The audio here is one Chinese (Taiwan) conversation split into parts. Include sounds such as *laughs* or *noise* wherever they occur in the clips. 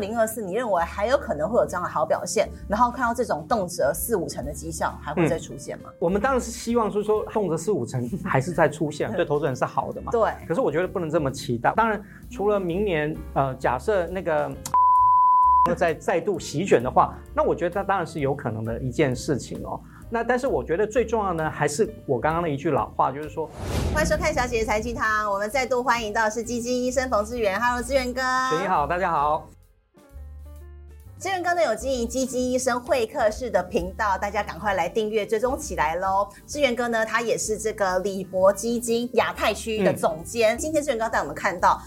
零二四，你認為還有可能會有這樣的好表現？然後看到這種動輒四五成的績效還會再出現嗎？嗯？我們當然是希望，就是說動輒四五成還是在出現， *laughs* 對投資人是好的嘛。對。可是我覺得不能這麼期待。當然，除了明年呃，假設那個、嗯、再再度席捲的話，那我覺得它當然是有可能的一件事情哦。那但是我覺得最重要呢，還是我剛剛的一句老話，就是說，歡迎收看《小姐姐財經堂》，我們再度歡迎到是基金醫生馮志源。Hello，志源哥。你好，大家好。志源哥呢有經營“基金醫生會客室”的頻道，大家趕快來訂閱追蹤起來嘍！志源哥呢，他也是這個李博基金亞太區域的總監。嗯。今天志源哥帶我們看到，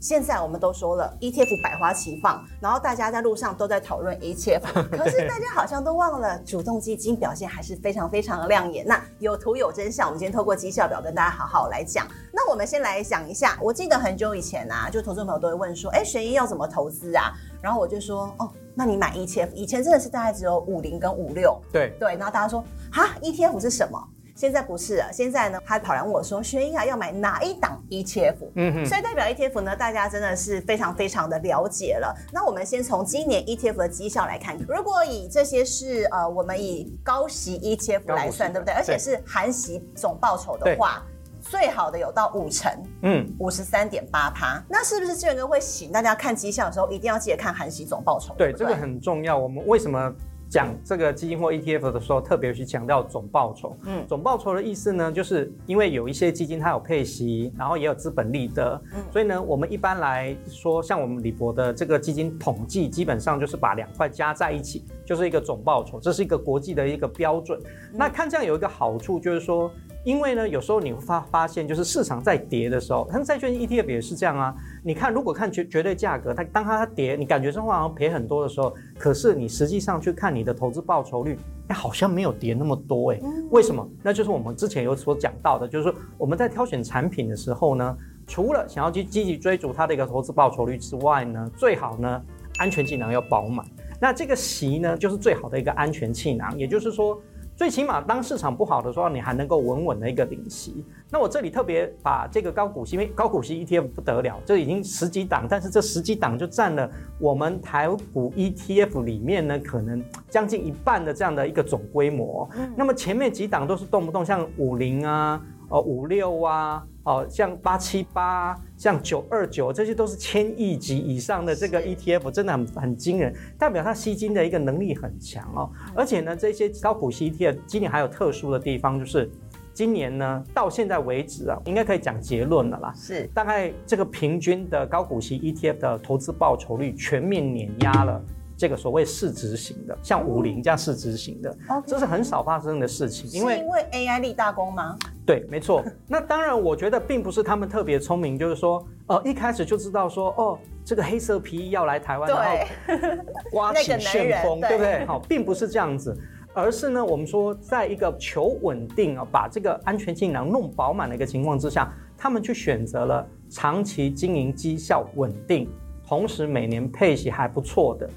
現在我們都說了 ETF 百花齊放，然後大家在路上都在討論一切，可是大家好像都忘了主動基金表現還是非常非常的亮眼。那有圖有真相，我們今天透過績效表跟大家好好來講。那我們先來講一下，我記得很久以前啊，就聽眾朋友都會問說：“哎、欸，懸疑要怎麼投資啊？”然後我就說：“哦。”那你買 ETF，以前真的是大概只有五零跟五六，對對。然後大家說哈 ETF 是什麼？現在不是了。現在呢，他還跑來問我說，璇依要買哪一檔 ETF？嗯哼。所以代表 ETF 呢，大家真的是非常非常的了解了。那我們先從今年 ETF 的績效來看，如果以這些是呃，我們以高息 ETF 高息來算，對不對？對，而且是含息總報酬的話，最好的有到五成，嗯，五十三點八趴，那是不是志源哥會醒？大家看績效的時候一定要記得看含息總報酬。對，對，對，這個很重要。我們為什麼講這個基金或 ETF 的時候特別去強調總報酬？嗯，總報酬的意思呢，就是因為有一些基金它有配息，然後也有資本利得，嗯、所以呢，我們一般來說像我們李博的這個基金統計，基本上就是把兩塊加在一起，就是一個總報酬，這是一個國際的一個標準，嗯。那看這樣有一個好處就是說。因為呢，有時候你會發發現，就是市場在跌的時候，它債券 ETF 也是這樣啊。你看，如果看絕絕對價格，它當它，它跌，你感覺這好像賠很多的時候，可是你實際上去看你的投資報酬率，哎、欸，好像沒有跌那麼多哎、欸嗯。為什麼？那就是我們之前有所講到的，就是說我們在挑選產品的時候呢，除了想要去積極追逐它的一個投資報酬率之外呢，最好呢安全氣囊要飽滿。那這個息呢，就是最好的一個安全氣囊，也就是說。最起碼，當市場不好的時候，你還能夠穩穩的一個領息。那我這裡特別把這個高股息，因為高股息 ETF 不得了，這已經十幾檔，但是這十幾檔就佔了我們台股 ETF 裡面呢，可能將近一半的這樣的一個總規模。嗯、那麼前面幾檔都是動不動像五零啊。哦，五六啊，哦像八七八，像九二九，這些都是千億級以上的這個 ETF，真的很很驚人，代表它吸金的一個能力很強哦、嗯。而且呢，這些高股息 ETF 今年還有特殊的地方，就是今年呢到現在為止啊，應該可以講結論了啦。是，大概這個平均的高股息 ETF 的投資報酬率全面碾壓了這個所謂市值型的，像五零這樣市值型的、嗯，這是很少發生的事情，okay、因為是因為 AI 立大功嗎？對，沒錯。那當然，我覺得並不是他們特別聰明，就是說，呃，一開始就知道說，哦，這個黑色皮衣要來台灣，對，然後颳起旋風，那個對，對不對？好，並不是這樣子，而是呢，我們說，在一個求穩定啊，把這個安全氣囊弄飽滿的一個情況之下，他們就選擇了長期經營，績效穩定，同時每年配息還不錯的。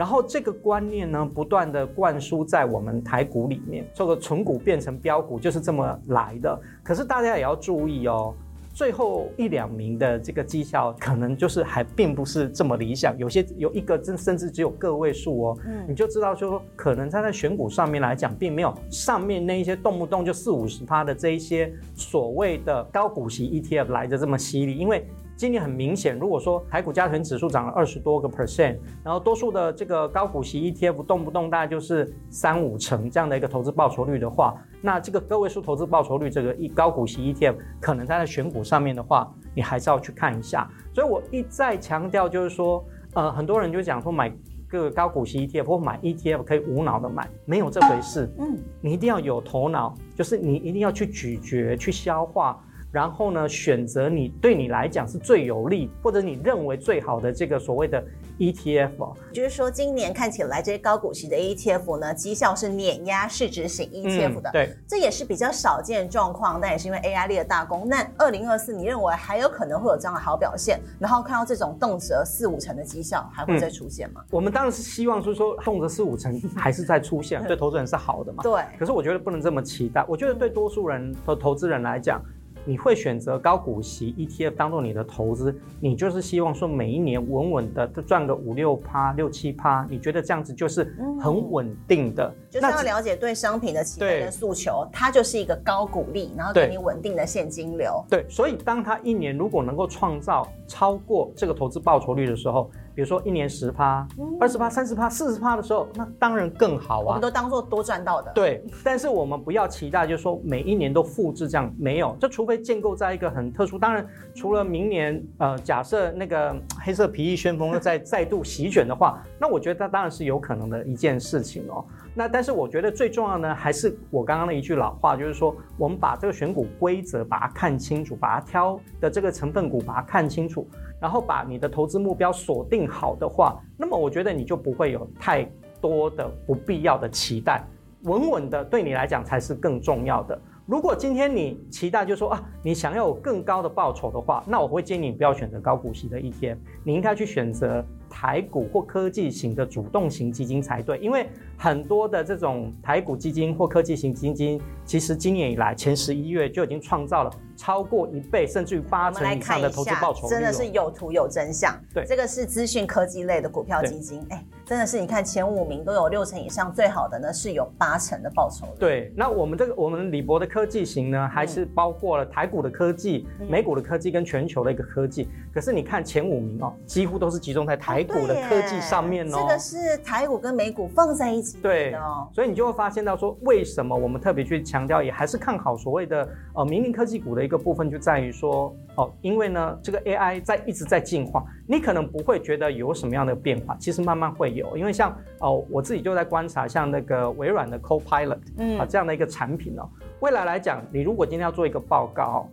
然後這個觀念呢，不斷的灌輸在我們台股裡面，做、這個存股變成飆股就是這麼來的。可是大家也要注意哦，最後一兩名的這個績效可能就是還並不是這麼理想，有些有一個甚至只有個位數哦。嗯、你就知道說可能他在選股上面來講，並沒有上面那一些動不動就四五十趴的這一些所謂的高股息 ETF 來得這麼犀利，因為。今年很明顯，如果說台股加權指數漲了二十多個 percent，然後多數的這個高股息 ETF 動不動大概就是三五成這樣的一個投資報酬率的話，那這個個位數投資報酬率，這個一高股息 ETF 可能它在他選股上面的話，你還是要去看一下。所以我一再強調，就是說，呃，很多人就講說買個高股息 ETF 或買 ETF 可以無腦的買，沒有這回事。嗯，你一定要有頭腦，就是你一定要去咀嚼、去消化。然後呢，選擇你對你來講是最有利，或者你認為最好的這個所謂的 ETF，哦、就是說今年看起來這些高股息的 ETF 呢，績效是碾壓市值型 ETF 的，嗯、對，這也是比較少見的狀況，但也是因為 AI 立了大功。那二零二四，你認為還有可能會有這樣的好表現？然後看到這種動輒四五成的績效還會再出現嗎？嗯、我們當然是希望，就是說動輒四五成還是再出現， *laughs* 對投資人是好的嘛，對。可是我覺得不能這麼期待，我覺得對多數人和投資人來講。你會選擇高股息 ETF 當做你的投資，你就是希望說每一年穩穩的賺個五六趴、六七趴，你覺得這樣子就是很穩定的、嗯就。就是要了解對商品的企業的訴求，它就是一個高股利，然後給你穩定的現金流。對，所以當它一年如果能夠創造超過這個投資報酬率的時候，比如說一年十趴、二十趴、三十趴、四十趴的時候，那當然更好啊。我們都當做多賺到的。對，但是我們不要期待，就是說每一年都複製這樣，沒有。這除非建構在一個很特殊，當然除了明年，呃，假設那個黑色皮衣旋風又再再度席卷的話， *laughs* 那我覺得它當然是有可能的一件事情哦。那但是我覺得最重要的呢還是我剛剛的一句老話，就是說我們把這個選股規則把它看清楚，把它挑的這個成分股把它看清楚。然後把你的投資目標鎖定好的話，那麼我覺得你就不會有太多的不必要的期待，穩穩的對你來講才是更重要的。如果今天你期待就說啊，你想要有更高的報酬的話，那我會建議你不要選擇高股息的 ETF，你應該去選擇。台股或科技型的主動型基金才對，因為很多的這種台股基金或科技型基金，其實今年以來前十一月就已經創造了超過一倍，甚至於八成以上的投資報酬。真的是有圖有真相。對，這個是資訊科技類的股票基金，哎，真的是你看前五名都有六成以上，最好的呢是有八成的報酬的。對，那我們這個我們李博的科技型呢，還是包括了台股的科技、嗯、美股的科技跟全球的一個科技。嗯、可是你看前五名哦，幾乎都是集中在台。美股的科技上面呢，哦，這個是台股跟美股放在一起。哦、對，所以你就會發現到說，為什麼我們特別去強調，也還是看好所謂的呃明明科技股的一個部分，就在於說哦、呃，因為呢，這個 AI 在一直在進化，你可能不會覺得有什麼樣的變化，其實慢慢會有，因為像哦、呃，我自己就在觀察，像那個微軟的 Copilot 啊、嗯、這樣的一個產品哦，未來來講，你如果今天要做一個報告，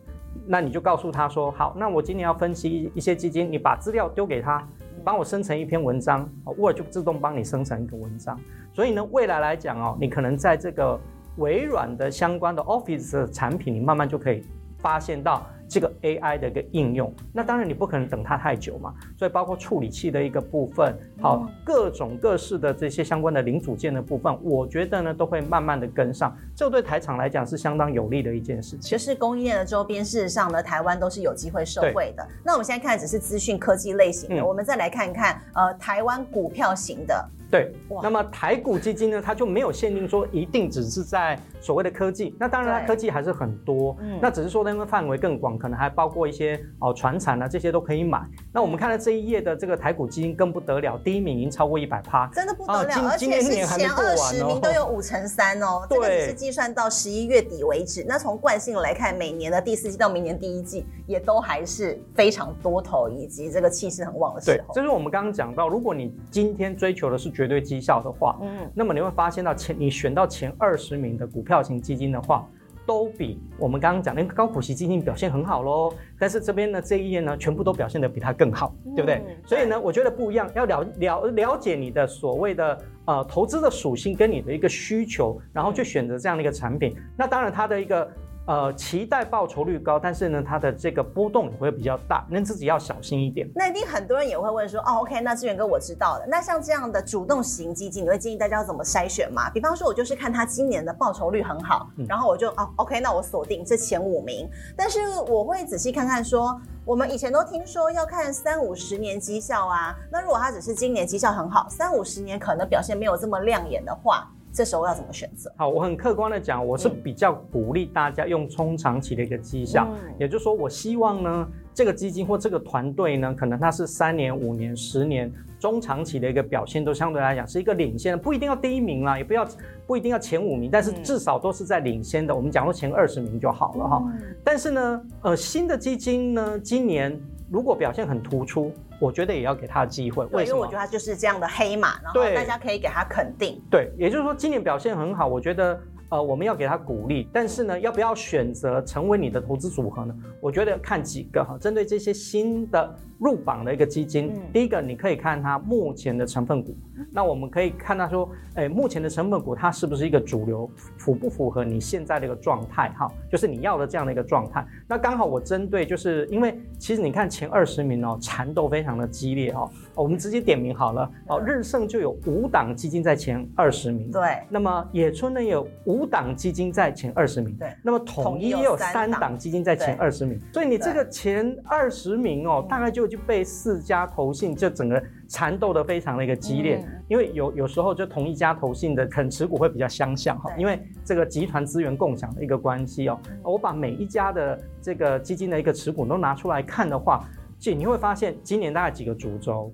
那你就告訴他說，好，那我今天要分析一些基金，你把資料丟給他。幫我生成一篇文章，Word 就自動幫你生成一個文章。所以呢，未來來講哦，你可能在這個微軟的相關的 Office 的產品，你慢慢就可以發現到。這個 AI 的一個應用，那當然你不可能等它太久嘛，所以包括處理器的一個部分，好、嗯、各種各式的這些相關的零組件的部分，我覺得呢都會慢慢的跟上，這對台廠來講是相當有利的一件事情。其、就、實、是、供應鏈的周邊，事實上呢，台灣都是有機會受惠的。那我們現在看只是資訊科技類型的，我們再來看一看、嗯，呃，台灣股票型的。對，那麼台股基金呢，它就沒有限定說一定只是在所謂的科技，那當然它科技還是很多，嗯，那只是說它們範圍更廣，可能還包括一些哦傳產啊，這些都可以買。那我們看到這一頁的這個台股基金更不得了，第一名已經超過一百趴，真的不得了，啊、今今年，年還沒過完哦，而且是前二十名都有五成三哦，這個只是計算到十一月底為止。那從慣性來看，每年的第四季到明年第一季也都還是非常多頭以及這個氣勢很旺的時候。對，就是我們剛剛講到，如果你今天追求的是絕對績效的話，嗯，那麼你會發現到前你選到前二十名的股票型基金的話，都比我們剛剛講那個高股息基金表現很好嘍。但是這邊呢，這一頁呢，全部都表現得比它更好，對不對？嗯、所以呢，我覺得不一樣，要了了了解你的所謂的呃投資的屬性跟你的一個需求，然後去選擇這樣的一個產品。嗯、那當然，它的一個。呃，期待報酬率高，但是呢，它的這個波動也會比較大，你自己要小心一點。那一定很多人也會問說，哦，OK，那志源哥我知道了。那像這樣的主動型基金，你會建議大家要怎麼篩選嗎？比方說，我就是看他今年的報酬率很好，然後我就哦，OK，那我鎖定這前五名。但是我會仔細看看說，說我們以前都聽說要看三五十年績效啊。那如果他只是今年績效很好，三五十年可能表現沒有這麼亮眼的話。這時候要怎麼選擇？好，我很客觀的講，我是比較鼓勵大家用中長期的一個績效，嗯、也就是說，我希望呢，這個基金或這個團隊呢，可能它是三年、五年、十年中長期的一個表現，都相對來講是一個領先的，不一定要第一名啦、啊，也不要不一定要前五名，但是至少都是在領先的。嗯、我們講說前二十名就好了哈。但是呢，呃，新的基金呢，今年。如果表現很突出，我覺得也要給他機會，為什麼？因為我覺得他就是這樣的黑馬，然後大家可以給他肯定。對，對也就是說今年表現很好，我覺得。呃，我們要給他鼓勵，但是呢，要不要選擇成為你的投資組合呢？我覺得看幾個哈，針對這些新的入榜的一個基金，嗯、第一個你可以看它目前的成分股、嗯，那我們可以看到說，哎，目前的成分股它是不是一個主流，符不符合你現在的一個狀態哈？就是你要的這樣的一個狀態。那剛好我針對就是因為其實你看前二十名哦，纏鬥非常的激烈哈、哦，我們直接點名好了哦、嗯，日盛就有五檔基金在前二十名，對，那麼野村呢有五。五檔基金在前二十名，對，那麼統一也有三檔基金在前二十名，所以你這個前二十名哦，大概就就被四家投信就整個纏鬥得非常的一個激烈，嗯、因為有有時候就同一家投信的可能持股會比較相像哈，因為這個集團資源共享的一個關係哦。我把每一家的這個基金的一個持股都拿出來看的話，就你會發現今年大概幾個主軸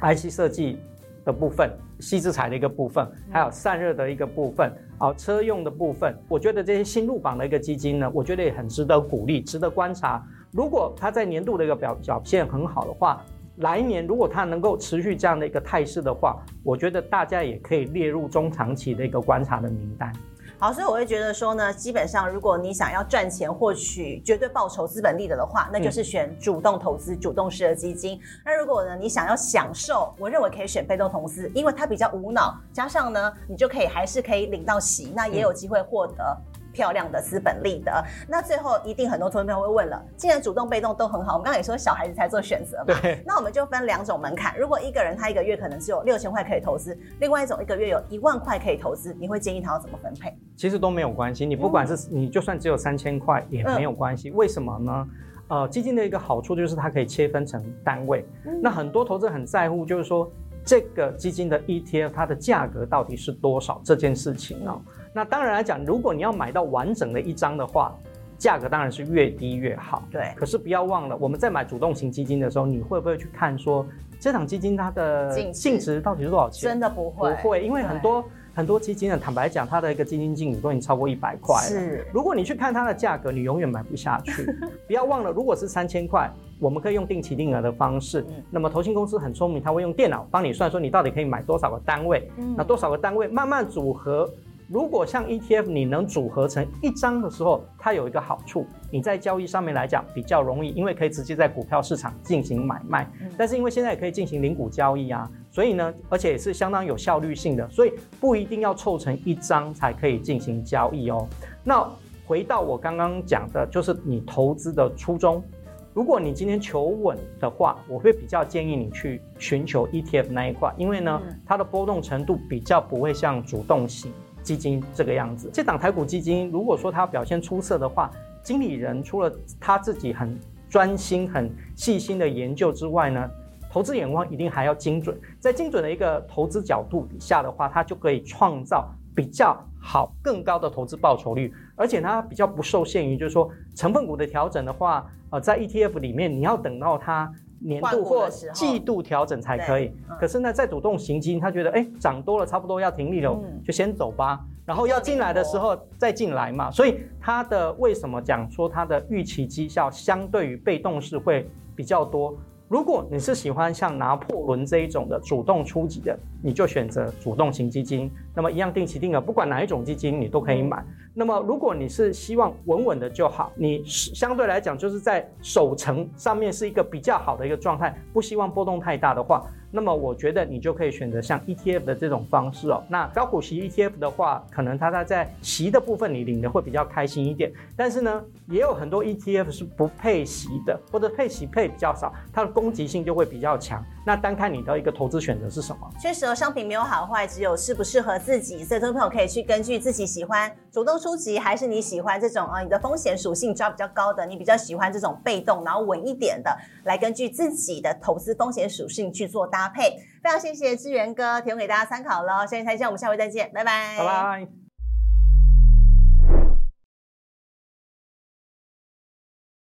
，IC 設計的部分，矽智財的一個部分，還有散熱的一個部分，啊、哦，車用的部分，我覺得這些新入榜的一個基金呢，我覺得也很值得鼓勵，值得觀察。如果它在年度的一個表表現很好的話，來年如果它能夠持續這樣的一個態勢的話，我覺得大家也可以列入中長期的一個觀察的名單。好，所以我會覺得說呢，基本上如果你想要賺錢獲取絕對報酬、資本利得的話，那就是選主動投資、嗯、主動式的基金。那如果呢，你想要享受，我認為可以選被動投資，因為它比較無腦，加上呢，你就可以還是可以領到息，那也有機會獲得。嗯漂亮的資本利得，那最後一定很多投資朋友會問了，既然主動被動都很好，我們剛才也說小孩子才做選擇嘛，那我們就分兩種門檻，如果一個人他一個月可能只有六千塊可以投資，另外一種一個月有一萬塊可以投資，你會建議他要怎麼分配？其實都沒有關係，你不管是、嗯、你就算只有三千塊也沒有關係、嗯，為什麼呢？呃，基金的一個好處就是它可以切分成單位，嗯、那很多投資人很在乎就是說這個基金的 ETF 它的價格到底是多少這件事情呢、啊嗯那當然來講，如果你要買到完整的一張的話，價格當然是越低越好。對。可是不要忘了，我們在買主動型基金的時候，你會不會去看說，這檔基金它的淨值到底是多少錢？真的不會，不會，因為很多很多基金呢，坦白講，它的一個基金淨值都已經超過一百塊了。是。如果你去看它的價格，你永遠買不下去。 *laughs* 不要忘了，如果是三千塊，我們可以用定期定額的方式。嗯。那麼投信公司很聰明，他會用電腦幫你算說，你到底可以買多少個單位？嗯。那多少個單位慢慢組合？如果像 ETF，你能組合成一張的時候，它有一個好處，你在交易上面來講比較容易，因為可以直接在股票市場進行買賣。但是因為現在也可以進行零股交易啊，所以呢，而且也是相當有效率性的，所以不一定要湊成一張才可以進行交易哦。那回到我剛剛講的，就是你投資的初衷，如果你今天求穩的話，我會比較建議你去尋求 ETF 那一塊，因為呢，它的波動程度比較不會像主動型。基金這個樣子，這檔台股基金，如果說它表現出色的話，經理人除了他自己很專心、很細心的研究之外呢，投資眼光一定還要精準。在精準的一個投資角度底下的話，它就可以創造比較好、更高的投資報酬率，而且它比較不受限於，就是說成分股的調整的話，呃，在 ETF 裡面你要等到它。年度或季度調整才可以，可是呢，在主動型基金，他覺得哎、欸、漲多了差不多要停利了，就先走吧，然後要進來的時候再進來嘛。所以他的為什麼講說他的預期績效相對於被動式會比較多？如果你是喜歡像拿破崙這一種的主動出擊的。你就選擇主動型基金，那麼一樣定期定額，不管哪一種基金你都可以買。那麼如果你是希望穩穩的就好，你相對來講就是在守成上面是一個比較好的一個狀態，不希望波動太大的話，那麼我覺得你就可以選擇像 ETF 的這種方式哦、喔。那高股息 ETF 的話，可能它它在息的部分你領得會比較開心一點，但是呢，也有很多 ETF 是不配息的，或者配息配比較少，它的攻擊性就會比較強。那單看你的一個投資選擇是什麼？確實。商品沒有好壞，只有適不適合自己。所以，這位朋友可以去根據自己喜歡，主動出擊，還是你喜歡這種啊、呃，你的風險屬性抓比較高的，你比較喜歡這種被動，然後穩一點的，來根據自己的投資風險屬性去做搭配。非常謝謝志源哥提供給大家參考了，下期再見，我們下回再見，拜，拜拜。